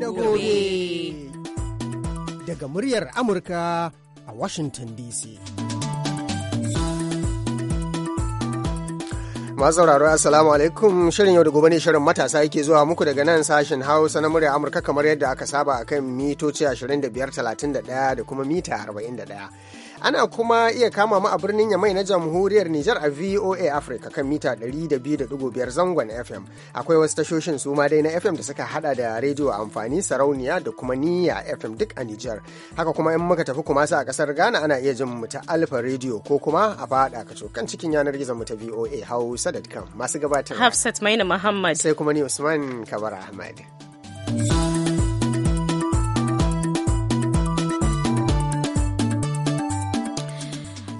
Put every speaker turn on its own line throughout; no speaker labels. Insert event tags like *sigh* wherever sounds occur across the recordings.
da gobe.
Daga muryar Amurka a Washington DC. masu sauraro assalamu alaikum shirin yau da gobe ne shirin matasa yake zuwa muku daga nan sashen hausa na murya amurka kamar yadda aka saba akan mitoci 25 31 da kuma mita 41 Ana kuma iya kama mu a birnin Yamai na jamhuriyar Nijar a VOA Africa kan mita 200.5 zangon FM. Akwai wasu tashoshin suma dai na FM da suka hada da rediyo amfani sarauniya da kuma niyya FM duk a Nijar. Haka kuma in muka tafi kuma a kasar Ghana ana iya jin mu ta Alfa rediyo ko kuma a fada ka kan cikin yanar gizon mu ta VOA Hausa.com masu gabatar. Hafsat Maina Muhammad. Sai kuma ni Usman Kabar Ahmad.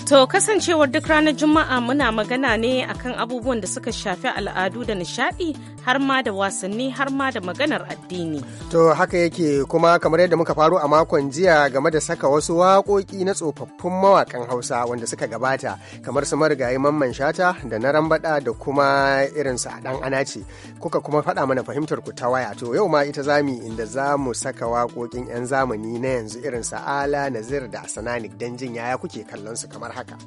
To kasancewar duk ranar Juma'a muna magana ne akan abubuwan da suka shafi al'adu da nishadi har ma da wasanni har ma da maganar addini.
To haka yake kuma kamar yadda muka faru a makon jiya game da saka wasu waƙoƙi na tsofaffin mawaƙan Hausa wanda suka gabata kamar su marigayi Mamman Shata da na Rambada da kuma irin su dan Anace. Kuka kuma faɗa mana fahimtar ku ta waya. To yau ma ita mu inda za mu saka waƙoƙin 'yan zamani na yanzu irin su Ala, Nazir da Asananik dan jin yaya kuke kallon su kamar
haka.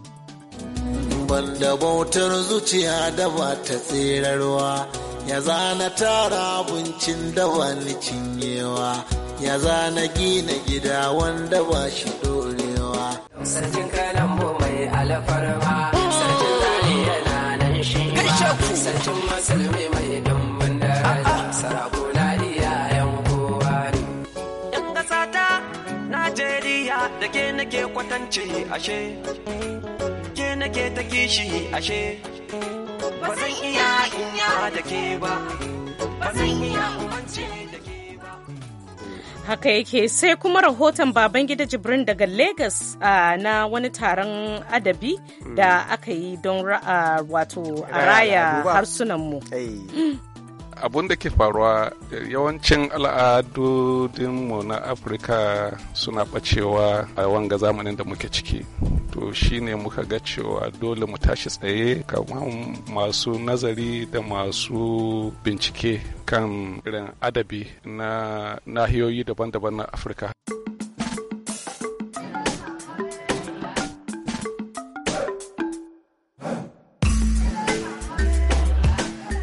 Banda bautar zuciya da ba ta tserarwa ya zana tara abincin da ba ni cinyewa ya zana gina gida wanda ba shi dorewa
sarkin kalambo mai alfarma sarkin zane yana nan shi ba
sarkin masalmi
mai dumbin daraja ah, ah. iya yan kowa ne
yan ƙasa ta najeriya da ke nake kwatance ashe ke nake ta kishi ashe ba zan iya in da ke ba ba zan iya umance da ke
haka yake sai kuma rahoton baban gida jibrin daga lagos na wani taron adabi da mm. aka yi don wato a raya harsunanmu
abun da ke faruwa yawancin mu na afirka suna bacewa a wanga zamanin da muke ciki to shine muka ga cewa dole mu tashi tsaye kamar masu nazari da masu bincike kan irin adabi na nahiyoyi daban-daban na afirka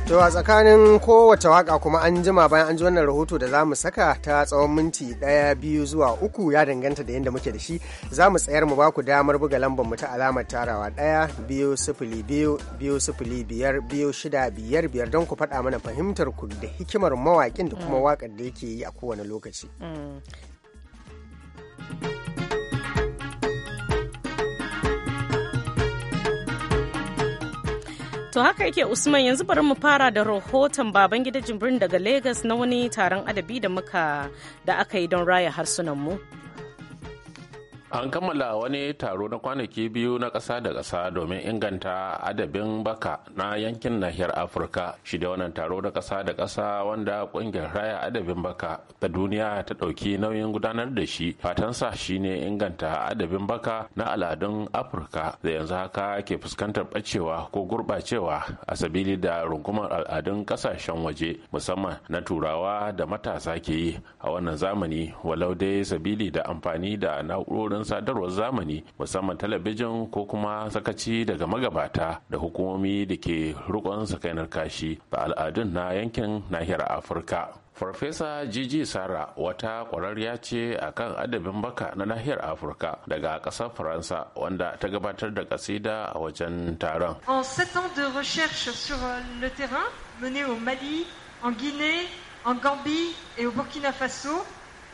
To a tsakanin kowace waka kuma an jima bayan an ji wannan rahoto da za mu saka ta tsawon minti ɗaya biyu zuwa uku ya danganta da yadda muke da shi za mu tsayar mu baku damar buga lambar mu ta alamar tarawa ɗaya biyu sifili biyu biyu sifili biyar biyu shida biyar biyar don ku faɗa mana fahimtar ku da hikimar mawaƙin da kuma mm. waƙar da yake yi a kowane lokaci.
Mm. To haka yake Usman yanzu bari mu fara da rahoton baban gida jibrin daga lagos na wani taron adabi da muka da aka yi don raya harsunan mu.
An kammala wani taro na kwanaki biyu na ƙasa da ƙasa domin inganta adabin baka na yankin nahiyar Afirka. Shi da wannan taro na ƙasa da ƙasa wanda ƙungiyar raya adabin baka ta duniya ta ɗauki nauyin gudanar da shi. Fatansa shine inganta adabin baka na al'adun Afirka da yanzu haka ke fuskantar ɓacewa ko gurɓacewa a sabili da rungumar al'adun ƙasashen waje musamman na turawa da matasa ke yi a wannan zamani walau dai sabili da amfani da na'urorin kafofin sadarwar zamani musamman talabijin ko kuma sakaci daga magabata da hukumomi da ke rikon sakainar kashi da al'adun na yankin nahiyar afirka farfesa jiji sara wata kwararriya ce a kan adabin baka na nahiyar afirka daga ƙasar faransa wanda ta gabatar da kasida a wajen taron
euh, en guinée en gambie et au burkina faso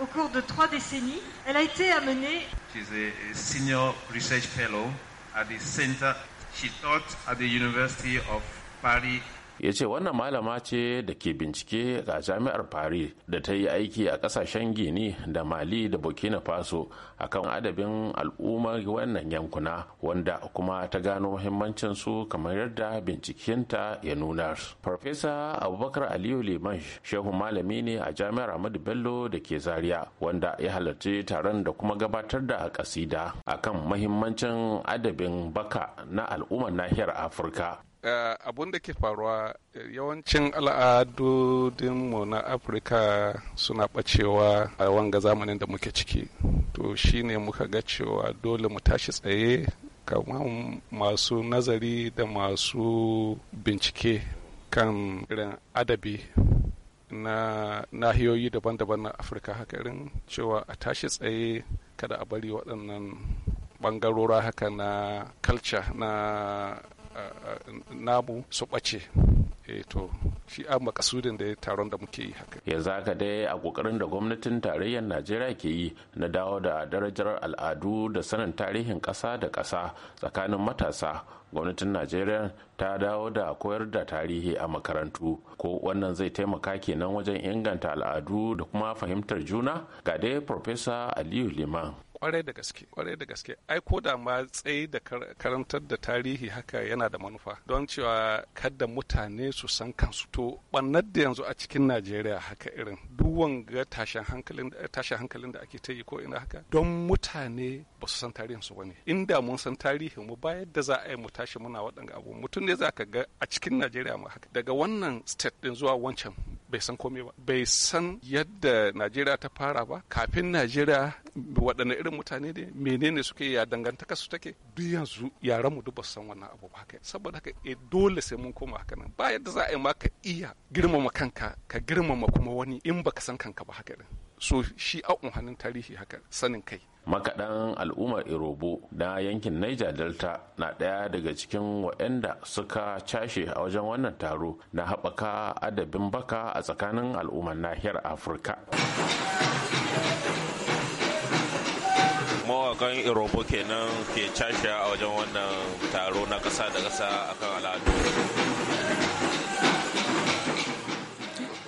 au cours de trois décennies. Elle a été amenée.
She's a senior research fellow at the center. She taught at the University of Paris ya ce wannan malama ce da ke bincike a jami'ar paris da ta yi aiki a kasashen gini da mali da burkina faso akan adabin al'ummar wannan yankuna wanda kuma ta gano muhimmancin su kamar yadda bincikenta ya nuna farfesa abubakar aliyu liman shehu malami ne a jami'ar ahmadu bello da ke zaria wanda ya halarci taron da kuma gabatar da kasida akan mahimmancin adabin baka na al'ummar nahiyar afirka
Eh, abun da ke faruwa eh, yawancin al'adudinmu na afirka suna bacewa a wanga zamanin da muke ciki to shine muka ga cewa dole mu tashi tsaye kamar masu nazari da masu bincike kan irin adabi na nahiyoyi daban-daban na afirka haka irin cewa a tashi tsaye kada a bari waɗannan ɓangarora haka na kalca na namu su ɓace eh, to
shi a makasudin da taron da muke yi haka yanzu haka dai a kokarin da gwamnatin tarayyar najeriya ke yi na dawo da darajar al'adu da sanin tarihin ƙasa da ƙasa tsakanin matasa gwamnatin najeriya ta dawo da koyar da tarihi a makarantu ko wannan zai taimaka kenan wajen inganta al'adu da kuma fahimtar juna ga dai Profesa aliyu liman
kwarai da gaske kwarai da gaske ai ko da ma tsayi da karantar da tarihi haka yana da manufa don cewa kada mutane su san kansu to bannar da yanzu a cikin najeriya haka irin duwan ga tashin hankalin tashin hankalin da ake ta yi ko ina haka don mutane ba su san tarihin su bane inda mun san tarihin mu ba yadda za a yi mu tashi muna waɗanga abu mutum ne za ka ga a cikin najeriya ma haka daga wannan state din zuwa wancan bai san komai ba bai san yadda najeriya ta fara ba kafin najeriya waɗanne irin irin mutane ne menene suke ya dangantaka su take duk yanzu yaran mu duk ba san wannan abu ba haka saboda haka e dole sai mun koma haka nan ba yadda za a yi ma ka iya girmama kanka ka girmama kuma wani in baka san kanka ba haka din so shi a unhanin tarihi haka sanin kai
makaɗan al'ummar irobo na yankin niger delta na ɗaya daga cikin waɗanda suka cashe a wajen wannan taro na haɓaka adabin baka a tsakanin al'ummar nahiyar afirka mawakan irobo kenan ke cashe a wajen wannan taro na kasa da kasa akan al'adu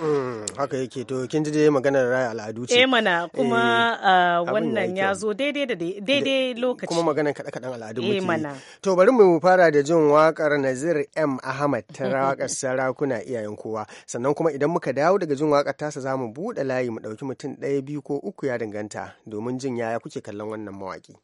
Mm, haka yake to kin ji dai maganar raya al'adu ce eh mana kuma
eh, ah, wannan ya zo daidai da daidai lokaci kuma
maganar kaɗe kaɗen al'adu muke eh mana to bari mu fara da jin waƙar Nazir M Ahmad ta rawakar *laughs* sarakuna iyayen kowa sannan kuma idan muka dawo daga jin waƙar tasa zamu buɗe layi mu ɗauki mutum ɗaya biyu ko uku ya danganta domin jin yaya kuke kallon wannan mawaƙi.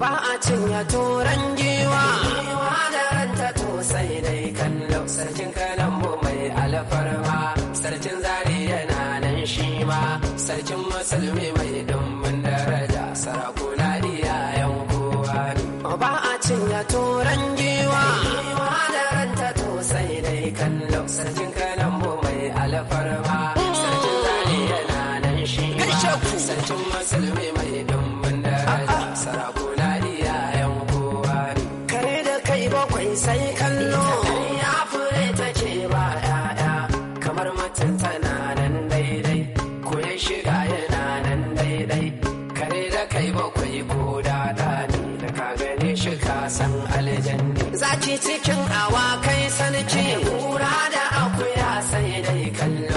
ba a cinya turan giwa giwa da ranta to sai dai kallo sarkin kalambo mai alfarma sarkin zari yana nan shi ma sarkin musulmi mai dumbin daraja sarakuna iyayen kowa ne ba a cinya turan giwa dai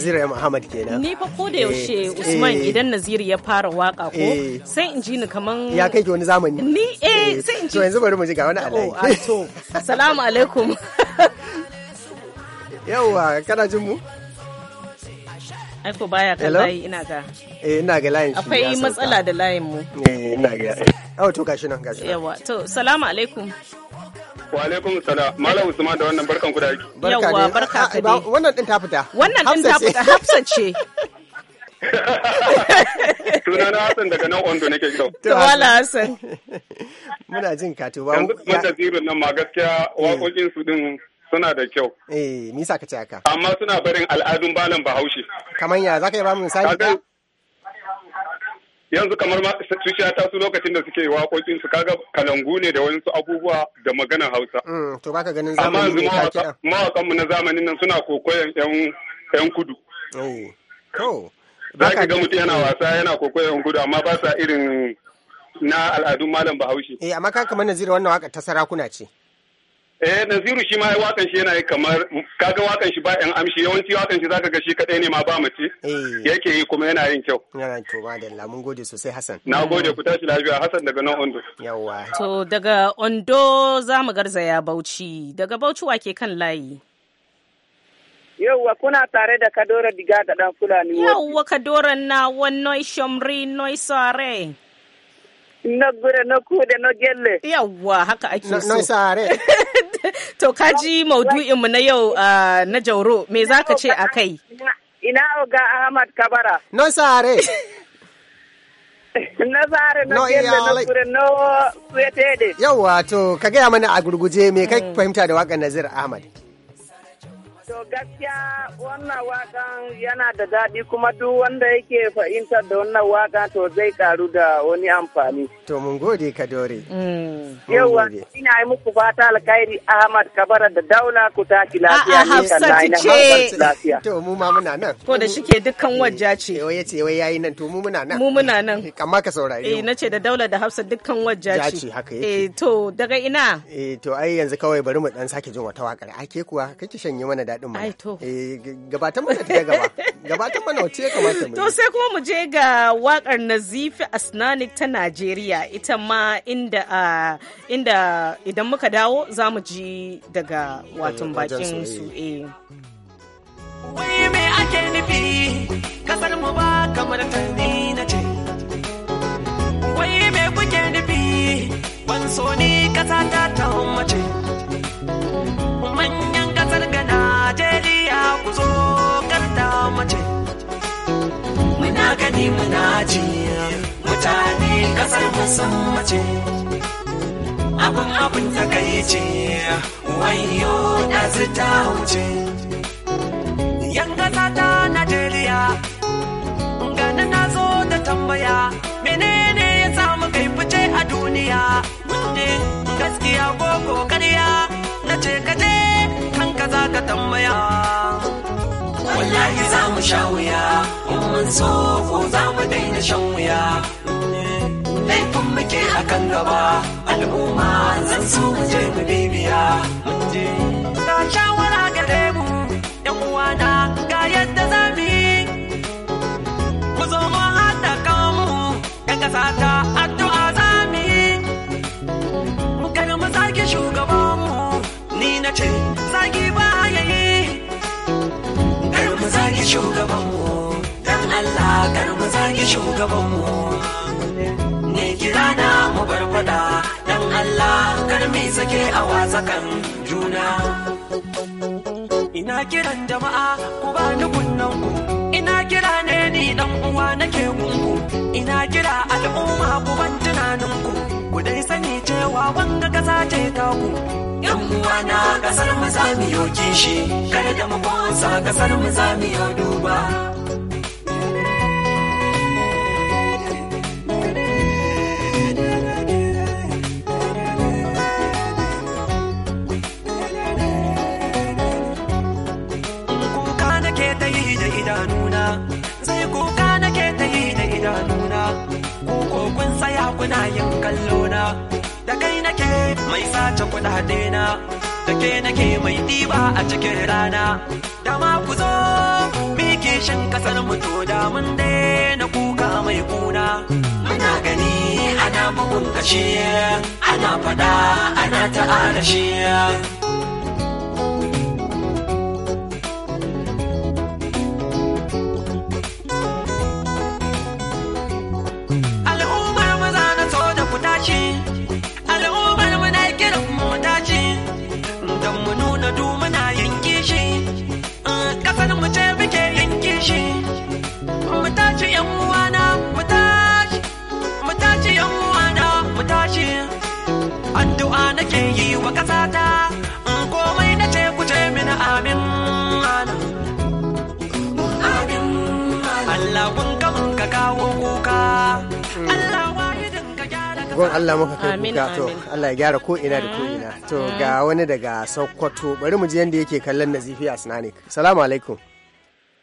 Nazira Muhammad kenan. Ni
fa ko da yaushe eh, Usman eh. idan Nazir ya fara waka ko eh. sai in ji ni kaman Ya kai
ki wani zamani. Ni eh sai in ji. To yanzu bari mu ji ga wani alai. Oh,
to assalamu alaikum.
*laughs* Yawwa kana jin mu?
Aiko baya kan layi ina ga.
Eh ina ga layin shi. Akwai matsala da layin mu. Eh ina ga. Oh to gashi nan gashi nan. Yawwa
to salamu alaikum. Wa alaikum salam. Malam Usman da wannan barkan ku
da aiki. barka ka dai. Wannan din ta fita. Wannan din ta fita Hafsat ce.
*laughs* Sunana Hassan daga nan Ondo nake kyau. To wala
Hassan. *laughs* Muna jin ka to ba.
Yanzu kuma nan ma gaskiya eh. waƙoƙin su din suna da kyau.
Eh, nisa ka ce haka?
Amma suna barin al'adun balan Bahaushe. kamar ya zaka yi
ba mu misali?
yanzu kamar ma su ta su lokacin da suke waƙoƙin su kaga kalangu ne da wasu abubuwa da maganar Hausa. Mm,
to baka ganin zamanin ne
ka Mawaƙan mu na zamanin nan suna kokoyan yan yan kudu. Oh. ga mutum yana wasa yana kokoyan kudu amma ba sa irin na al'adun malam Bahaushe.
Eh amma ka kamar wannan waka ta sarakuna ce.
Eh Naziru shi ma ya wakan shi yana yi kamar kaga wakan shi ba yan amshi yawanci wakan shi zaka ga shi kadai ne ma ba mace
eh. yake yi kuma yana yin kyau. Yana to madalla mun gode sosai Hassan. Na gode ku
tashi lafiya Hassan daga nan Ondo. Yawwa.
To daga Ondo za mu garzaya Bauchi daga Bauchi wa ke kan layi. Yawwa kuna tare da Kadora Diga da dan Fulani. Yawwa Kadora na wannan Shomri Noi Sare. Na gure na kude na gelle. Yawwa haka ake so. Noi Sare. *laughs* to ka ji maudu'inmu na yau uh, na jauro me za ka ce a kai? Ina oga Ahmad Kabara. No sare. *laughs* na sare
na da na kure
na de
Yau wato ka gaya mana a gurguje me kai mm. fahimta da waƙar Nazir Ahmad.
To gaskiya wannan wakan yana da daɗi kuma duk wanda yake fahimtar da wannan wakan to zai karu da wani amfani.
To mun gode ka dore. Mm. Yauwa
ina yi muku fata alkhairi Ahmad Kabara da Daula ku tashi lafiya ne kan na ce.
To mu ma muna nan. Ko
da shike dukkan wajja eh, ce. Wai ce wai yayi nan to mu muna nan. Mu muna nan. Eh, amma ka saurare. Eh nace da Daula da Hafsa dukkan wajja ce. haka yake. Eh to daga ina.
Eh to ai yanzu kawai bari mu dan sake jin wata wakar ake kuwa kake shanye mana daɗi. daɗin mana. Eh gabatan mana ta gaba. *laughs* Gabatan mana wace ya kamata mu. To sai
kuma mu je ga wakar Nazifi Asnanik ta Najeriya ita ma inda inda idan muka dawo za mu ji daga watan eh, bakin su eh. eh. Wai me ake
nufi kasar mu ba kamar tarni na ce. Wai me kuke nufi ban so ni kasa ta ta mace. Manya Najeriya ku zo karta mace. Muna gani muna ji mutane kasar musan mace. Abin abin ta kai ce, wayo ɗazu ta wuce. Yan gasa ta Najeriya, gani na zo da tambaya, menene ya samu kai fice a duniya? gaskiya ko na ce kaje ka za ka tambaya wallahi za mu sha wuya in mun so ko za mu daina shan wuya laifin muke a kan gaba al'umma zan so mu je mu bibiya ga shawara ga mu ƴan uwana ga yadda za mu yi ku zo mu haɗa mu, ƴan ƙasa ta shugabanmu don Allah kar mu zagi shugabanmu ne kira na mu bar fada dan Allah kar mu sake a wasakan juna ina kiran jama'a ku ba ni kunnan ku ina kira ne ni dan uwa nake gungu ina kira al'umma ku ban tunanin ku ku dai sani cewa wanga kasa ce ta ku rana kasar mu za mu yo kishi kada da mu motsa kasar mu za mu yo duba kuna yin kallona da kai nake mai sace kuɗaɗe na take nake mai ɗiba a cikin rana dama ku zo mike shin kasar mu to da mun daina kuka mai kuna muna gani ana bugun kashe ana fada ana ta arashi
roƙon Allah muka kai buka to Allah ya gyara ko ina da ko ina to ga wani daga Sokoto bari mu ji yanda yake kallon Nazifi Asnanik assalamu alaikum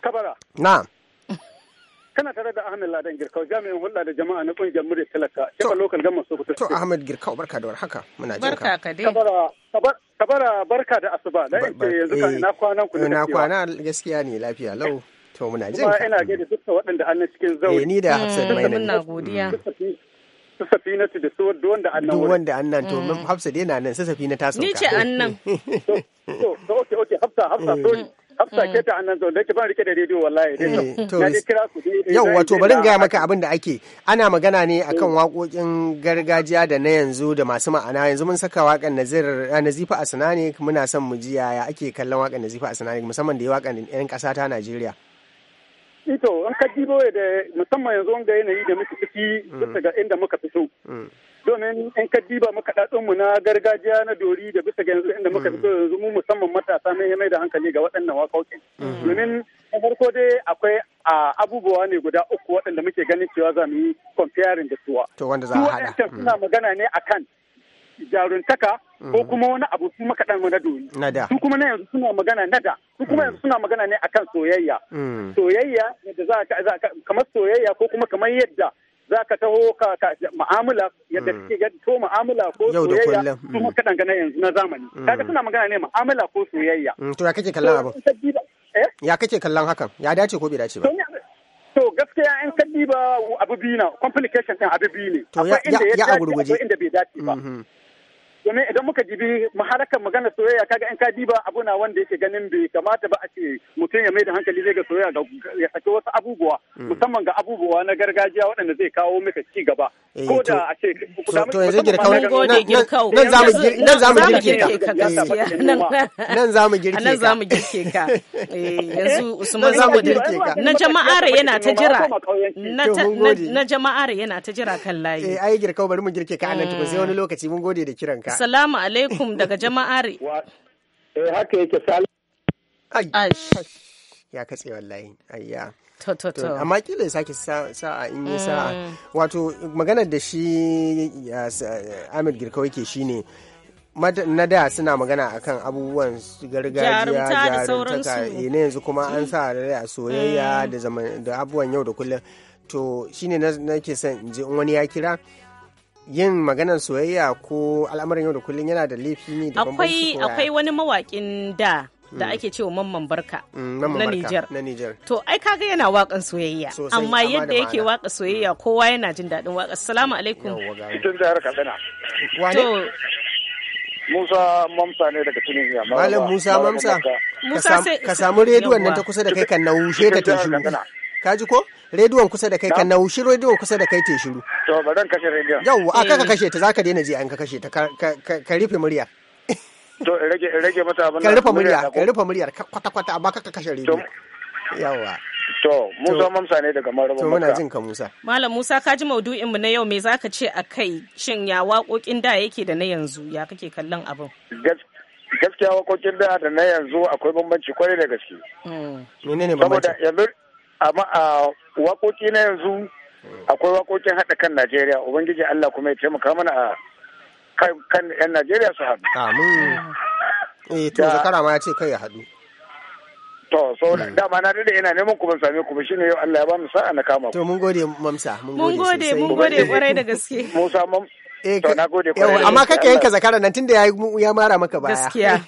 kabara na'am *laughs*
kana tare da Ahmed Ladan Girkau jami'in hulɗa da jama'a na kungiyar murya talaka kika lokal gama Sokoto
to Ahmed Girkau barka da warhaka muna jin ka
barka dai kabara kabara barka da asuba da yanzu ka eh, ina kwanan ku da ina kwana
gaskiya ne lafiya lau to muna jin ka ina
gaida dukkan waɗanda an cikin zauri eh, ni da Hafsat Maina muna godiya su
ta da su da annan duk wanda annan to mm. hafsa dai na nan su safina ta sauka ni ce annan
*laughs* to to okay okay hafsa hafsa mm. sorry Hafsa mm. ke ta annan zo da ke ban rike da rediyo wallahi
eh, to na
kira su yau wato bari ga
maka abin da ake ana magana ne akan waƙoƙin gargajiya da na yanzu da masu ma'ana yanzu mun saka waƙan Nazir Nazifa Asnani muna son mu ji yaya ake kallon waƙan Nazifa Asnani musamman da ya waƙan 'yan ƙasa ta Najeriya
to an ka dibo da musamman yanzu wanga yanayi da muke ciki mm. bisa ga inda muka fito mm. domin in ka diba muka dadin mu na gargajiya na dori da bisa ga yanzu inda muka mm. fito yanzu mu musamman matasa mai mai da hankali ga waɗannan waƙoƙi domin na farko dai akwai abubuwa ne guda uku waɗanda muke ganin cewa za mu yi comparing da suwa to wanda za a hada suna magana ne akan jaruntaka ko mhm. kuma wani abu su makaɗan na doyi. Su kuma na yanzu suna magana nada, su kuma mhm. yanzu suna magana ne akan soyayya. Mhm. Soyayya yadda za ka kamar soyayya ko kuma kamar yadda za ka taho ka ma'amula yadda kake to ma'amula ko soyayya su makaɗan na yanzu na zamani. Kaga suna magana ne ma'amula ko soyayya. To ya kake kallon abu? Eh?
Ya kake kallon hakan? Ya dace ko bai dace ba?
to gaskiya in kalli ba abu biyu na complication din abu biyu ne To ya dace akwai inda bai dace ba domin idan muka dibi maharakan magana soyayya kaga in ka diba abu na wanda yake ganin bai kamata ba a ce mutum ya mai da hankali zai ga soyayya ga ya saki wasu abubuwa hmm. musamman ga abubuwa na gargajiya waɗanda zai kawo maka ci gaba eh, ko da a ce to yanzu girkau nan za mu eh, nan za mu girke ka
nan za mu girke ka nan za mu girke ka yanzu *laughs* usman za mu girke ka na jama'are yana ta jira na jama'are yana ta jira kan layi eh ai girkau bari mu girke ka anan tukun sai wani ah. lokaci mun gode da kiran ka Assalamu alaikum daga jama'are. Eh haka yake salam. Ai.
Ya katse wallahi. Ayya. To, to, to. Amma kila ya sake sa'a in yi sa'a. Mm. Wato maganar da shi Ahmed Girkau yake shine na da suna magana akan abubuwan gargajiya jarumtaka ne eh, yanzu kuma an sa a soyayya mm. da abubuwan yau da kullum to shine ke son in wani ya kira yin maganar soyayya ko al'amarin yau da kullum yana da laifi ne da akwai akwai wani
mawakin da da hmm. ake cewa mamman barka hmm, na Nijar. Na Nijar. To ai kaga yana wakan soyayya amma yadda yake waka soyayya hmm. kowa yana jin daɗin waka. Assalamu alaikum.
Tun da harka Musa Mamsa ne daga Tunisia.
Malam Musa Mamsa. Ka samu rediyon nan ta kusa da kai kan na wushe ta ta
Ka ji ko? rediyon kusa da kai ka naushi rediyon kusa da kai te shiru
to ba zan kashe rediyon yau a kaka eh.
kashe ta zaka daina ji an ka kashe ta ka rufe murya
to rage rage mata abin ka rufe murya ka
rufe murya kwata kwata amma kaka kashe rediyo
yawa To, Musa Mamsa ne daga Maraba To, muna jin ka Musa.
Malam Musa, ka ji maudu'in mu na yau me zaka ce a kai shin ya waƙoƙin da yake da na yanzu ya kake kallon abin? Gaskiya
waƙoƙin da da na yanzu akwai bambanci kwarai da gaske.
Hmm.
Menene bambanci? Saboda
yanzu amma a waƙoƙi na yanzu akwai wakokin haɗa kan Najeriya ubangiji Allah kuma ya taimaka mana a kan 'yan Najeriya su haɗu.
Amin. Eh to zakara ma ya ce kai ya haɗu.
To so dama na dade ina neman ku ban same ku shine yau Allah ya ba mu sa'a na kama ku. To mun gode mamsa mun
gode sosai. Mun gode mun
gode
kwarai da gaske.
Musa Eh, amma kake yanka
zakara nan tunda ya mara maka baya gaskiya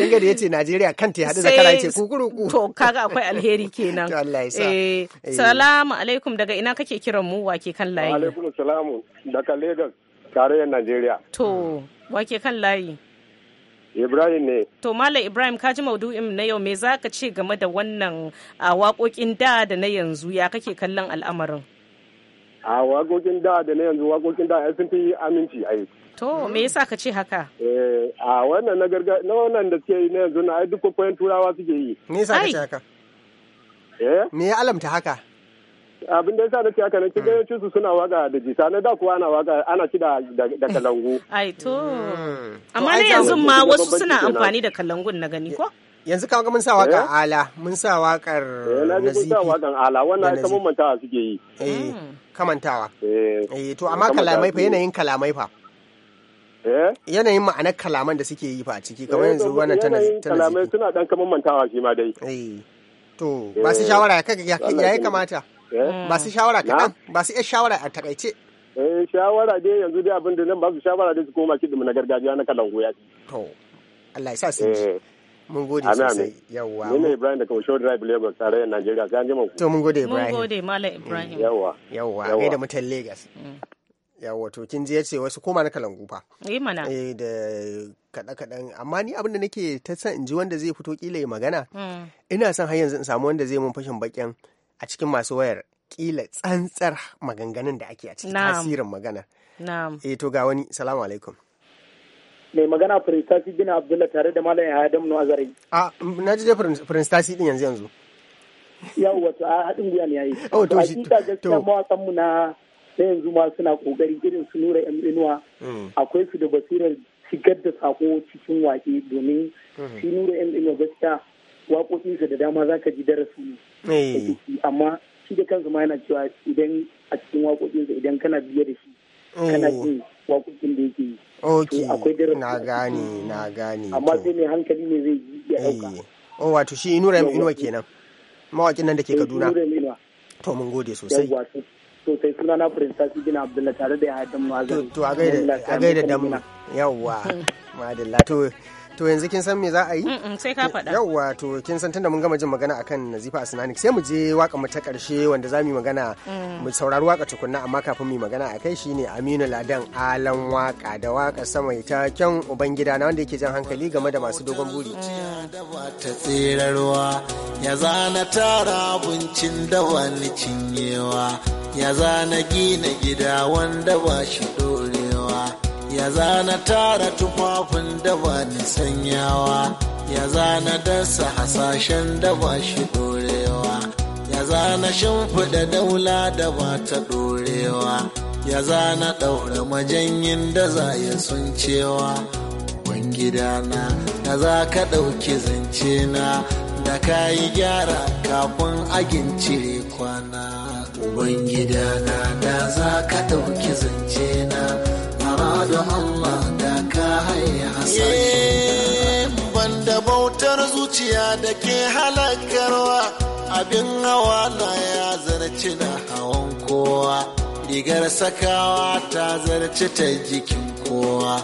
inga *laughs* da yace Najeriya kanta ya hadu zakara yace kukuruku to kaga akwai alheri kenan
*laughs* Allah ya sa eh, eh. salamu alaikum daga ina kake kiran mu wake kan layi wa alaikum salamu daga
Lagos tarayyar Najeriya
to wake kan layi Ibrahim ne. To Malam Ibrahim ka ji maudu'in na yau me za ka ce game da wannan ah, waƙoƙin da da na yanzu ya kake kallon al'amarin?
a waƙoƙin da da na yanzu waƙoƙin da sun fi aminci yi.
to me yasa ka ce haka
eh a wannan na garga na wannan da suke yi na yanzu na duk kwakwayen turawa suke yi me yasa ka ce haka eh me
ya alamta haka
abin da yasa ce haka na kiga hmm. yawanci su suna waka da jita na da kuwa ana waka ana ci da da kalangu
ai to hmm. amma na yanzu ma wasu suna amfani da kalangun na gani ko yanzu
ka ga mun sa waƙar eh? ala mun sa wakar nazifi. Eh, na ji mun sa
wakar ala wannan ai kamar manta suke yi. Eh. Hmm. kamantawa eh, eh to amma kalamai
fa yanayin kalamai fa eh? yanayin ma'anar kalaman da suke yi fa a ciki kamar eh, yanzu wannan tana tana kalamai
suna dan kaman mantawa shi ma dai eh to ba su shawara
ya kamata
mm. ba su shawara kaɗan ba su iya shawara a takaice eh shawara dai yanzu dai abin da nan ba su shawara dai su koma kiɗin na gargajiya na kalango ya
to Allah ya
sa su Mun gode sosai.
Yawwa. Ni ne
Ibrahim daga Osho Drive Lagos da Najeriya sai an jima ku.
To mun gode Ibrahim. Mun gode Malam Ibrahim. Mm, yawwa. Yawwa kai da mutan Lagos. Mm. Yawwa to kin ji ce wasu koma na kalangu fa. Eh mana. Eh da kada kaɗen amma ni abin da nake ta san in ji wanda zai fito kila yi magana. Mm. Ina son har yanzu in samu wanda zai mun fashin bakin a cikin masu wayar kila tsantsar maganganun da ake a cikin tasirin magana. Na'am. Eh to ga wani salamu alaikum.
mai magana prince tasi bin abdullah tare da malam adamu a azare
a na ji prince tasi din yanzu yanzu
yau wato a haɗin gwiwa ne yayi oh to shi to mawasan mu na na yanzu ma suna kokari irin su nura yan hmm. akwai su da basirar shigar da sako cikin waƙe domin hmm. shi nura yan gaskiya waƙoƙinsa da dama za ka ji darasi ne eh. amma shi da kansa ma yana cewa idan a cikin waƙoƙinsa idan kana biye da shi kana oh. da yake yi na gane na gane amma sai mai hankali ne zai eh.
oh wato mawaƙin nan da ke eh, kaduna
to mun gode sosai sai suna na prince gina abdullahi tare da ya haɗa mu a gaida
damna yawwa madalla to to yanzu kin san me za a yi mm, mm, sai ka faɗa yawwa to kin san tunda mun gama jin magana akan nazifa asnanik sai mu je waka mu ta karshe wanda za mu magana mm. mu saurari waka tukunna amma kafin mu yi magana a akai shine Aminu Ladan Alan waka da waka sama ita kyan ubangida na wanda yake jan hankali game da masu
dogon buri ta
tsirarwa ya zana tara abincin da wani cinyewa ya zana gina gida wanda ba shi dore ya zana tara tufafin da ba ni sanyawa ya zana dasa hasashen da ba shi dorewa ya zana shimfiɗa daula da ba ta dorewa ya zana ɗaura majanyin da za ya sun cewa gidana da za ka ɗauki zance na da ka yi gyara kafin agin cire kwana ubangidana da za ka ɗauki zance na da Allah da ka haye hasashe. Eh, banda bautar zuciya da ke halakarwa abin hawa na ya zarci na hawan kowa. Rigar sakawa ta zarci ta jikin kowa.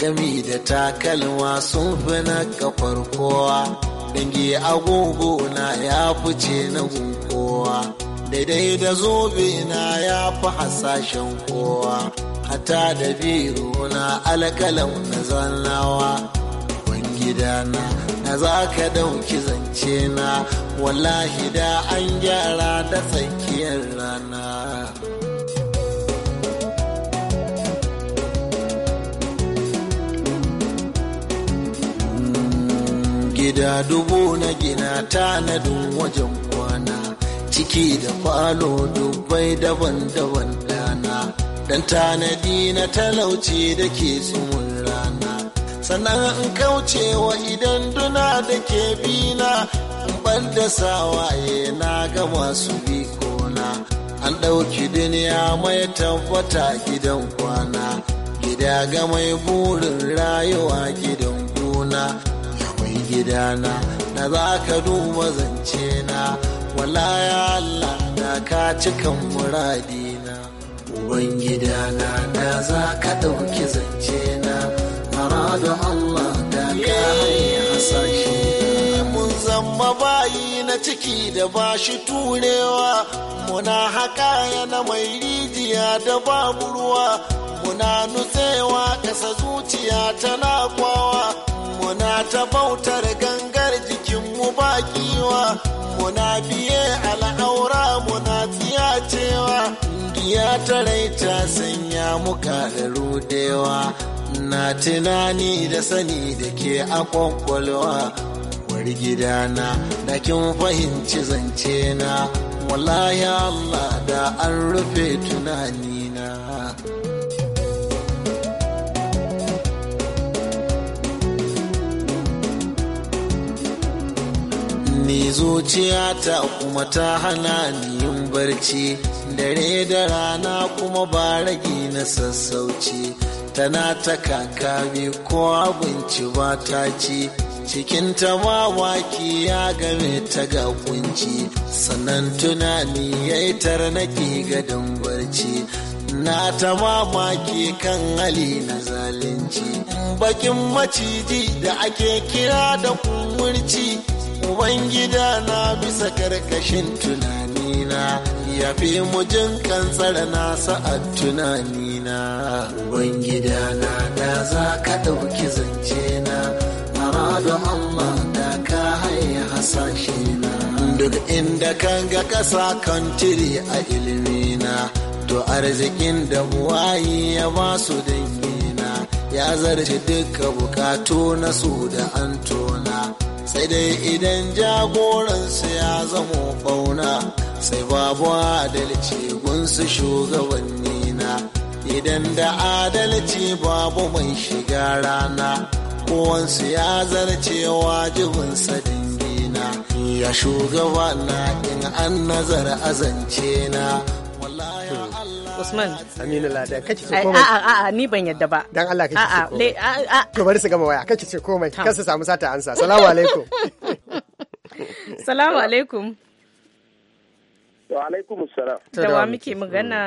Gami da takalma sun fi na kafar kowa. Dangi agogo na ya fice na kowa. Daidai da zobe na ya fi hasashen kowa. hata da biro na alƙalau na zannawa gidana na za ka ɗauki zance na wallahi da an gyara da tsakiyar rana mm, gida dubu na gina tanadin wajen kwana ciki da falo dubbai daban-daban dan tanadi na talauci da ke tsumin rana sannan in kaucewa idan duna da ke bina in ban da sawaye na ga masu bikona an ɗauki duniya mai tabbata gidan kwana gida ga mai burin rayuwa gidan gona Akwai mai gidana na za ka duba zance na wala ya Allah na ka cikan muradi ubangida na da za ka ɗauki zance na mara da Allah da ka hasashe mun zama bayi na ciki da ba shi turewa muna haka yana mai rijiya da babu ruwa muna nutsewa ƙasa zuciya tana kwawa muna ta bautar bakiwa muna biye al'aura muna cewa. ya tarai ta sanya muka da rudewa na tunani da sani da ke a kwakwalwa wari gidana da kin fahimci zance na wallahi Allah da an rufe tunani na ni zuciya ta kuma ta hana ni yin barci dare da rana kuma ba rage na sassauci tana ta kakami ko abinci ba ta ci cikin ta mawaki ya game ta ga kunci sannan tunani ya yi tarnaki gadon barci na ta mamaki kan hali na zalunci bakin maciji da ake kira da kumurci Ubangida na bisa karkashin tunanina ya fi mujin jin kansara nasa a tunanina. Ubangida na da za ka ɗauki zance na, mara da amma da ka haya hasashe na. Duk inda kan ga ƙasa kan tiri a ilimina, to arzikin da buwayi ya ba su dangina, ya zarce duka bukatu na su da antona sai dai idan jagoransu ya zama ɓauna sai babu adalci gunsu shugabanni na idan da adalci babu mai shiga rana kowansu ya zarce wajibinsa dingina ya shugaba na in an nazar azance na Usman. Aminu Lada, kace ce komai.
A'a a'a ni ban yadda ba. Dan Allah kace ce komai. A'a to bari su gama waya kace ce komai kar su samu sata ansa. Salamu alaikum. *laughs* Salamu alaikum. Wa alaikum salam. Da wa muke magana?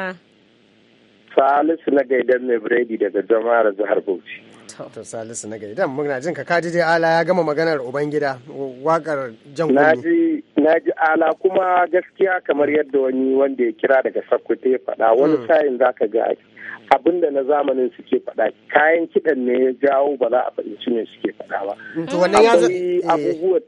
Salisu na gaidan mai biredi daga jama'ar zahar Bauchi.
to salisu na gari dan muna jin ka kaji dai ala ya gama maganar ubangida wakar jan kunni
na ji ala kuma gaskiya kamar yadda wani wanda ya kira daga sakkwato ya faɗa wani hmm. sa'in za ka ga abin da na zamanin suke faɗa kayan kiɗan ne ya jawo ba za a faɗi ne suke faɗa ba hmm,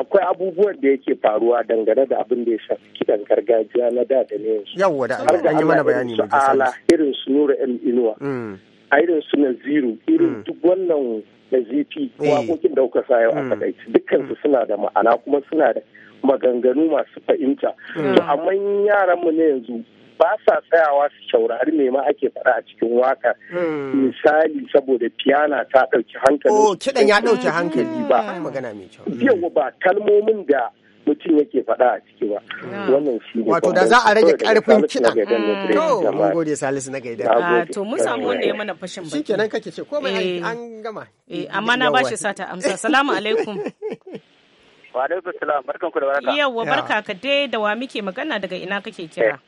akwai abubuwan da yake faruwa dangane da abin da ya shafi kiɗan gargajiya na da da ne yawwa da an yi mana bayani ala irin su nura inuwa hmm. a irin su ziro. irin mm. duk wannan da zp eh. waƙoƙin da kuka sayo a mm. kadai dukkansu suna da ma'ana kuma suna da maganganu masu fahimta mm. to amma yaran mu ne yanzu ba sa tsayawa su saurari me ma ake faɗa a cikin waka misali saboda piyana ta ɗauki hankali oh kiɗan ya ba magana mai ba kalmomin da mutum yake faɗa a ciki ba wannan shi ne
wato da za a rage karfin kiɗa to mun gode salisu na gaida ah, to mun
samu wanda ya mana fashin baki shikenan kake ce komai an eh. gama eh amma na bashi sata amsa assalamu alaikum
*laughs* wa alaikum assalam barkan ku da
baraka yawa barka
ka dai da wa muke magana daga ina kake kira eh.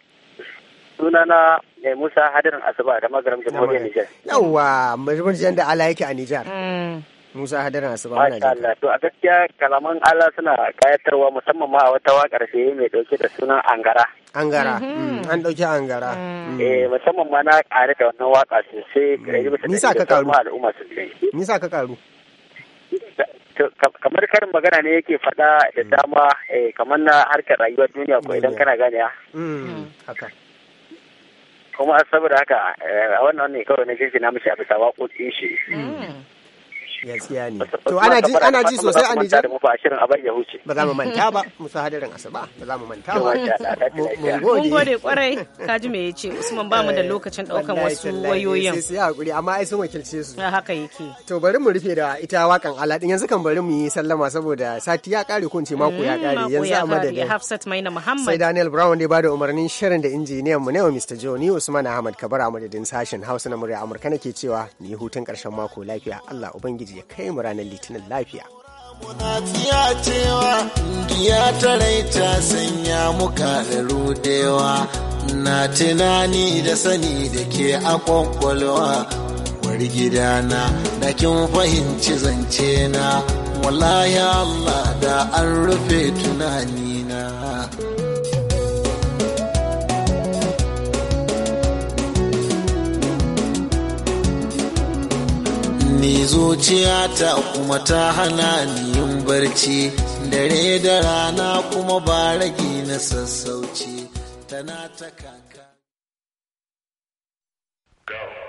sunana ne eh, Musa Hadirin Asuba da magaram Jamhuriyar Nijar.
Yawwa, Majalisar da Ala yake a Nijar. Mm. Musa Hadar na Asuba muna jin Allah
to a gaskiya kalaman Allah suna kayatarwa musamman ma a wata waƙar da yayi mai dauke da sunan Angara.
Angara mhm. mm, an dauki Angara.
Mm. Mm. Eh musamman ma na kare da wannan waka sosai gari Nisa ka karu.
Nisa ka karu.
kamar karin magana ne yake faɗa da dama eh, kamar na harkar rayuwar duniya ko idan kana gane haka kuma saboda haka eh, a wannan ne kawai na jirgin na mishi a bisa waƙoƙin shi gaskiya ne to ana ji ana ji sosai a Nijar ba shirin abar ya huce ba za mu manta
ba sa hadarin asuba ba za mu manta ba mun gode kwarai
kaji me yace Usman ba mu da eh, lokacin daukan wasu wayoyin sai sai
hakuri amma ai sun wakilce su haka yake to bari mu rufe da ita wakan aladin yanzu kan bari mu yi sallama saboda sati ya kare ko ce mako ya kare mm, yanzu a madadin
Hafsat Maina Muhammad sai Daniel
Brown ne ba da umarnin shirin da injiniyan mu ne wa Mr. Joni Usman Ahmad Kabara madadin sashen Hausa na murya Amurka nake cewa ni hutun karshen mako lafiya Allah ubangiji Ubangiji ya kai mu ranar Litinin lafiya.
na tunani da sani da ke a kwakwalwa wari gidana da kin fahimci zance na wallahi Allah da an rufe tunani ne zuciya ta kuma ta hana ni yin barci dare da rana kuma ba rage na sassauci tana ta kanka.